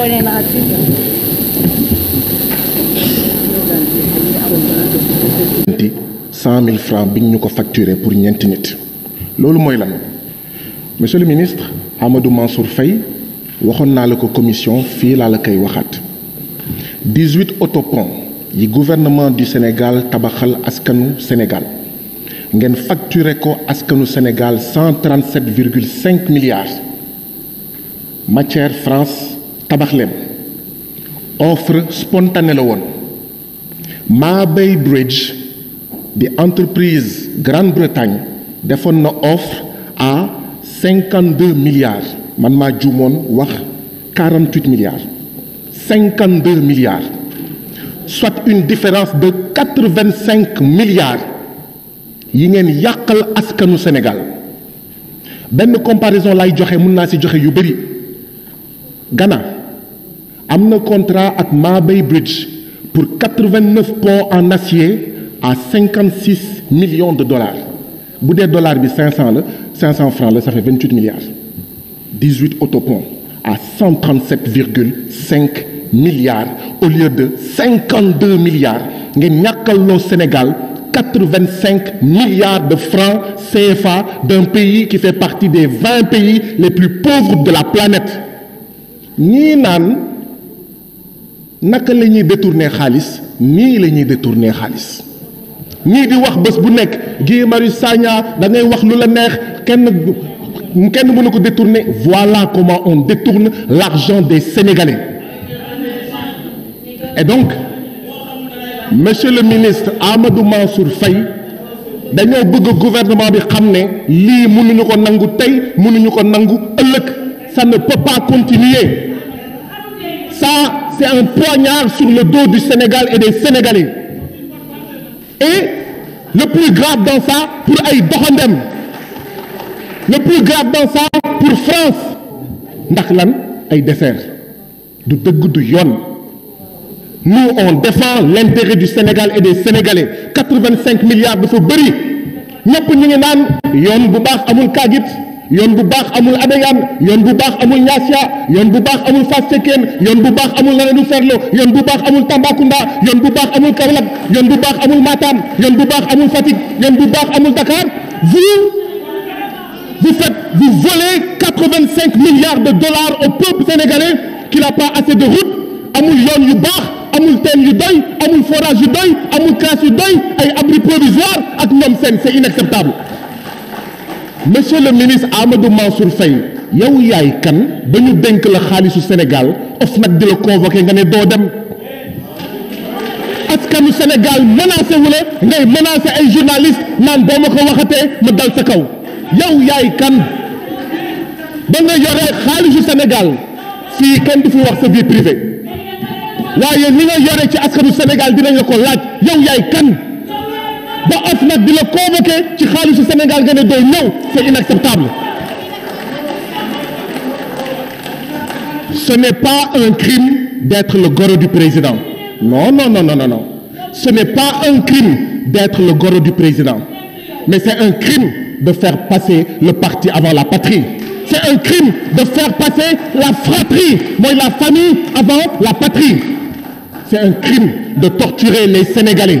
boole naa francs bi ñu ko facturé pour ñenti nit loolu mooy lan monsieur le ministre Amadou Mansour Faye waxoon naa la ko commission fii laa la koy waxaat dix-huit yi gouvernement du Sénégal tabaxal askanu Sénégal ngeen facturé ko askanu Sénégal cent trente-sept virgule matière France tabax leen offre spontanée la woon Mabay Bridge di entreprise Grande-Bretagne defoon na offre à cinquante deux milliards man maa juumoon wax quarante huit cinquante deux milliards soit une différence de quatre vingt cinq milliards yi ngeen yàqal askanu Sénégal benn comparaison lay joxe mën naa ci joxe yu bëri Ghana am na contrat ak Mabay Bridge pour quatre-vingt-neuf ponts en acier à cinquante-six millions de dollars bu dee dollar bi cinq cent la cinq cent francs la ça fait vingt-huit milliards dix à cent trente-sept virgule cinq milliards au de cinq milliards de francs CFA d'un pays qui fait partie des vingt pays les plus de la planète ñii naan naka la ñuy détourner xaalis nii la ñuy détourner xaalis ñii di wax bés bu nekk Guy Marius Sagna da ngay wax lu la neex kenn kenn mënu ko détourner voilà comment on détourne l'argent des Sénégalais et donc monsieur le ministre Amadou Mansour Faye dañoo bëgg gouvernement bi xam ne lii mënuñu ko nangu tey mënuñu ko nangu ëllëg ça ne peut continuer ça c'est un poignard sur le dos du Sénégal et des Sénégalais et le plus grave dans pour ay doxandem le plus grave dans pour France ndax lan ay dessert du dëgg du yoon nous on défend l'intérêt du Sénégal et des Sénégalais quatre-vingt-cinq milliards dafa bëri ñëpp ñu ngi naan yoon bu baax amul kaagit yoon bu baax amul Abeyan yoon bu baax amul Niassia yoon bu baax amul Fass Cekkeen yoon bu baax amul Ranérou Ferlo yoon bu yoon bu baax amul Kaolack yoon bu baax amul Matam yoon bu baax amul Fatick yoon bu baax amul Dakar vous vous faites vous volez quatre-vingt-cinq milliards de dollars au peuple sénégalais qui n'a pas assez de route amul yoon yu baax amul teen yu doy amul ay abri provisoire ak ñoom seen c'est inacceptable monsieur le ministre Amadou Mansour Faye yow yaay kan ba ñu dénk la xaalisu Sénégal of nag di la convoqué nga ne doo dem askanu Sénégal menacé ngay menacé ay journaliste naan boo ma ko waxatee ma dal sa kaw yow yaay kan ba nga yore xaalisu Sénégal fii kenn du fi wax sa vie privée waaye li nga yore ci askanu Sénégal dinañ la ko laaj yow yaay kan. ba OFNAC di la convoqué ci xaalisu Sénégal nga ne doy ñëw c'est inacceptable ce n'est pas un crime d'être le goro du président non non non non non ce n'est pas un crime d'être le goro du président mais c'est un crime de faire passer le parti avant la patrie c'est un crime mooy la famille avant la patrie c'est un crime de torturer les Sénégalais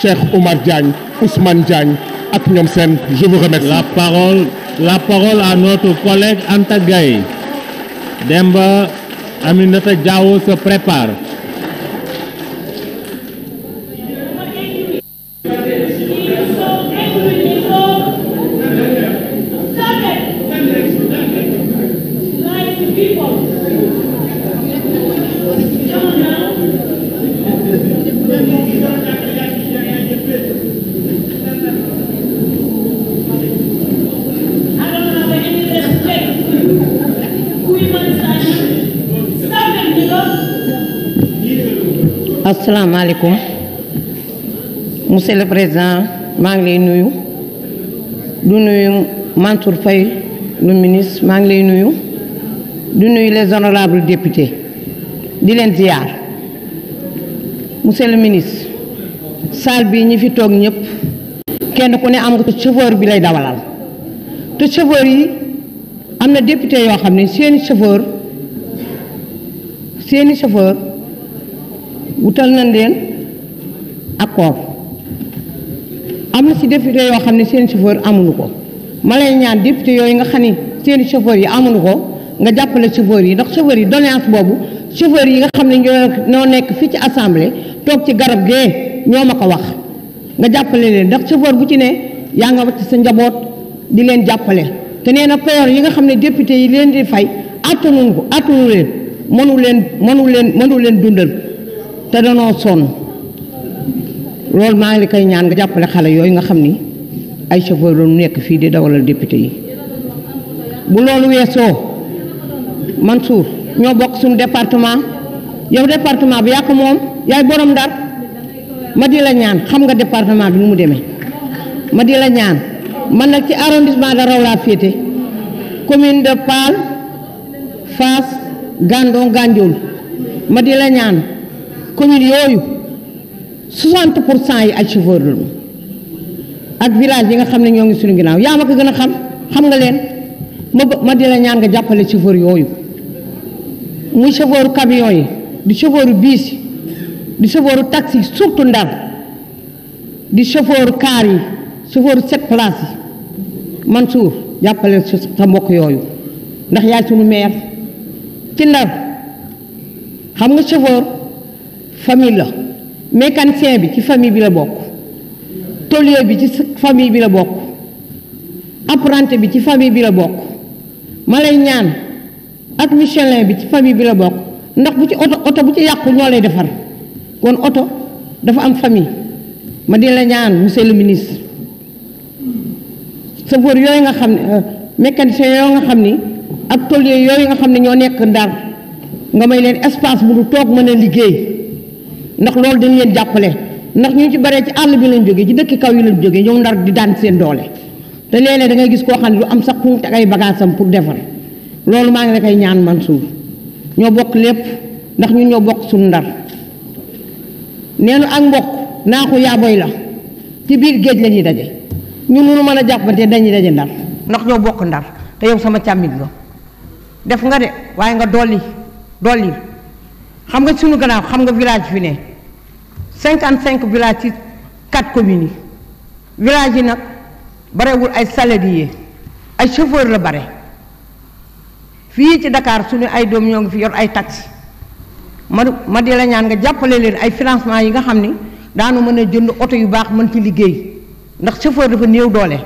Cheikh Oumar Diagne Ousmane Diagne ak ñoom seen je vous la parole à notre collègue Anta Gaye Demba Aminata Diawo se prépare. asalaamaaleykum monsieur le président maa ngi lay nuyu du nuyu Mansour fay le ministre maa ngi lay nuyu du nuyu les honorables députés di leen ziar monsieur le ministre salle bi ñi fi toog ñëpp kenn ku ne am nga chauffeur bi lay dawalal te chauffeur yi am na député yoo xam ne seeni chauffeur seeni chauffeur wutal na leen accord am na si député yoo xam ne seen chauffeur amulu ko ma leen ñaan député yooyu nga xam ne seen chauffeur yi amuñu ko nga jàppale chauffeur yi ndax chauffeur yi doléance boobu chauffeur yi nga xam ne ñoo ñoo nekk fii ci assemblée toog ci garab gee ñoo ma ko wax nga jàppale leen ndax chauffeur bu ci ne yaa nga wacc sa njaboot di leen jàppale te nee na payoor yi nga xam ne député yi leen di fay attanu ko attanu leen mënu leen mënu leen mënu leen dundal te danoo sonn loolu maa ngi koy ñaan nga jàppale xale yooyu nga xam ni ay chauffeur la ñu nekk fii di dawalal député yi bu loolu weesoo Mansour ñoo bokk suñu département yow département bi yaa moom yaay borom ndar ma di la ñaan xam nga département bi nu mu demee ma di la ñaan man nag ci arrondissement de Raw laa féete commune de Paal Fass Gandon Gandiol ma di la ñaan commune yooyu 60 pour cent yi ay chauffeur lañu ak village yi nga xam ne ñoo ngi suñu ginnaaw yaa ma ko gën a xam xam nga leen ma ma di la ñaan nga jàppale chauffeur yooyu muy chauffeur camion yi di chauffeur biis yi di chauffeur taxi surtout ndar di chauffeur car yi chauffeur sept places yi Mansour jàppale sa mbokk yooyu ndax yaay suñu maire ci ndar xam nga chauffeur famille la mécanicien bi ci famille bi la bokk tôlier bi ci famille bi la bokk apprenti bi ci famille bi la bokk malay ñaan ak Michelin bi ci famille bi la bokk ndax bu ci oto oto bu ci yàqu ñoo lay defar kon oto dafa am famille ma ñaan monsieur le ministre chauffeur yooyu nga xam ne euh, mécanicien nga xam ni ak tôlier yooyu nga xam ne ñoo nekk ndar nga may leen espace bu nu toog mën a liggéey ndax loolu dañ leen jàppale ndax ñu ci baree ci àll bi lañ jógee ci dëkk kaw yi lañ jógee ñëw ndar di daan seen doole te léeg-léeg da ngay gis koo xam ne lu am sax ku teg ay bagaasam pour defar loolu maa ngi la koy ñaan man suuf ñoo bokk lépp ndax ñun ñoo bokk suñu ndar neenu ak mbokk naaxu yaaboy la ci biir géej lañuy daje ñun mënu mën a jàppante dañuy daje ndar ndax ñoo bokk ndar te yow sama càmmit nga def nga de waaye nga dolli dolli xam nga suñu gannaaw xam nga village fi ne cinquante cinq villages ci quatre communes yi village yi nag barewul ay salariés ay chauffeur la bare fii ci ndakaar suñu ay doom ñoo ngi fi yor ay tax ma ma di la ñaan nga jàppale leen ay financement yi nga xam ni daanu mën a jënd oto yu baax mën ci liggéey ndax chauffeur dafa néew doole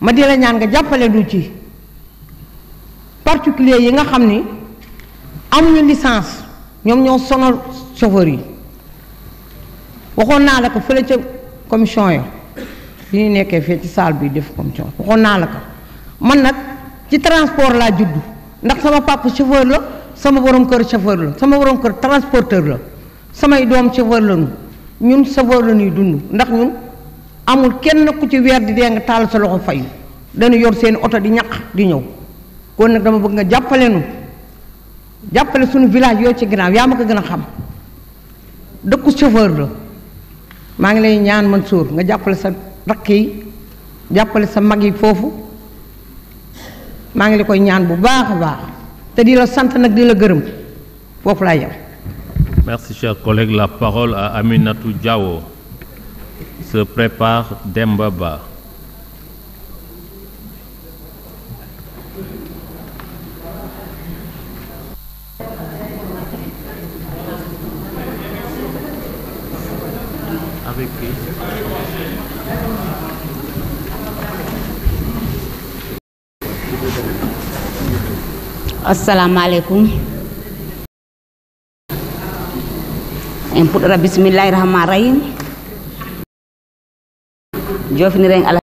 ma di la ñaan nga jàppale du ci particulier yi nga xam ni am amuñu licence ñoom ñoo sonal chauffeur yi waxoon naa la ko fële ca commission ya bi ñu nekkee fii ci salle bi def commission waxoon naa la ko man nag ci transport laa judd ndax sama papa chauffeur la sama borom kër chauffeur la sama borom transporteur la samay doom chauffeur lañu ñun chauffeur la ñuy dund ndax ñun amul kenn ku ci weer di dee nga taal sa loxo fayu dañu yor seeni oto di ñaq di ñëw kon nag dama bëgg nga jàppale nu jàppale suñu village yooyu ci ginnaaw yaa ma ko gën a xam dëkku chauffeur la maa ngi lay ñaan Mansour nga jàppale sa rakk yi jàppale sa mag yi foofu maa ngi la koy ñaan bu baax a baax te di la sant nag di la gërëm foofu laay yem. Merci, chers collègues. La Demba Ba. avec asalaamaaleykum en puɗɗora bisimillahi rahman rahim jofiniren ala